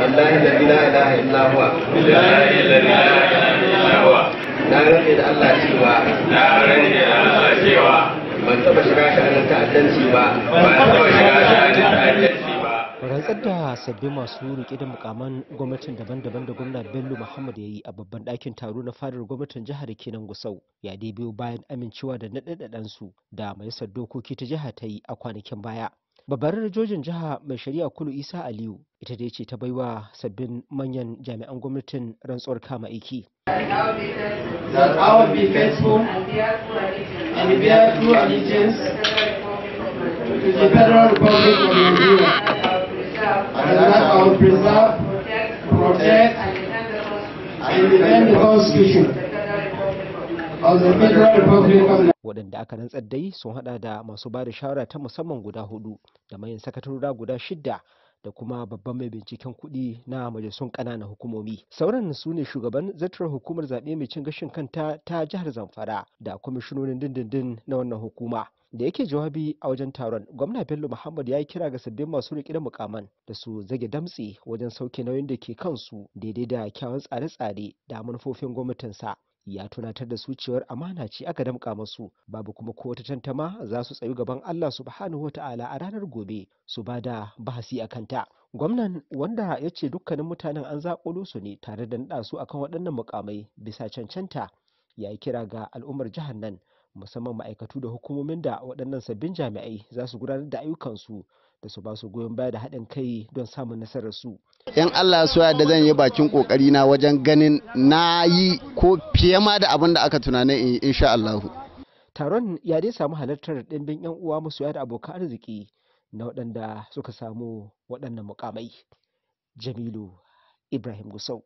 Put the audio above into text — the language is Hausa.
wallahi la na da Allah cewa na da Allah cewa ban ta'addanci ba ban ta'addanci rantsar da sabbin masu riƙe da mukaman gwamnatin daban-daban da gwamna bello muhammad ya yi a babban ɗakin taro na fadar gwamnatin jihar kenan gusau ya dai biyo bayan amincewa da naɗaɗaɗansu da majalisar dokoki ta jiha ta yi a kwanakin baya babbar rajojin jiha mai shari'a kulu isa aliyu ita dai ce ta baiwa sabbin manyan jami'an gwamnatin rantsuwar kama aiki and defend the Constitution. waɗanda aka rantsar dai sun hada da masu ba da shawara ta musamman guda hudu da mayan sakatarura guda shida da kuma babban mai binciken kuɗi na majalisun ƙananan hukumomi sauran su ne shugaban zartar hukumar zaɓe mai cin gashin kanta ta jihar zamfara da kwamishinonin dindindin na wannan hukuma da yake jawabi a wajen taron gwamna bello muhammad ya yi kira ga sabbin masu riƙe da mukaman da su zage damtse wajen sauke nauyin da ke kansu daidai da kyawun tsare-tsare da manufofin gwamnatinsa ya tunatar da su cewar amana ce aka damƙa masu babu kuma ko wata tantama za su tsayu gaban Allah subhanahu wa ta'ala a ranar gobe su ba da bahasi a kanta gwamnan wanda ya ce dukkanin mutanen an zaƙulo su ne tare da naɗa su akan waɗannan mukamai bisa cancanta ya yi kira ga al'ummar jihar nan musamman ma'aikatu da hukumomin da waɗannan sabbin jami'ai za su gudanar da ayyukansu da su ba su goyon baya da haɗin kai don samun nasarar su. yan Allah su da zan yi bakin kokari na wajen ganin na yi ko fiye ma da abin da aka tunanin in yi insha Allah. taron ya dai samu halartar ɗimbin yan uwa masoya da abokan arziki na waɗanda suka samu waɗannan mukamai jamilu ibrahim gusau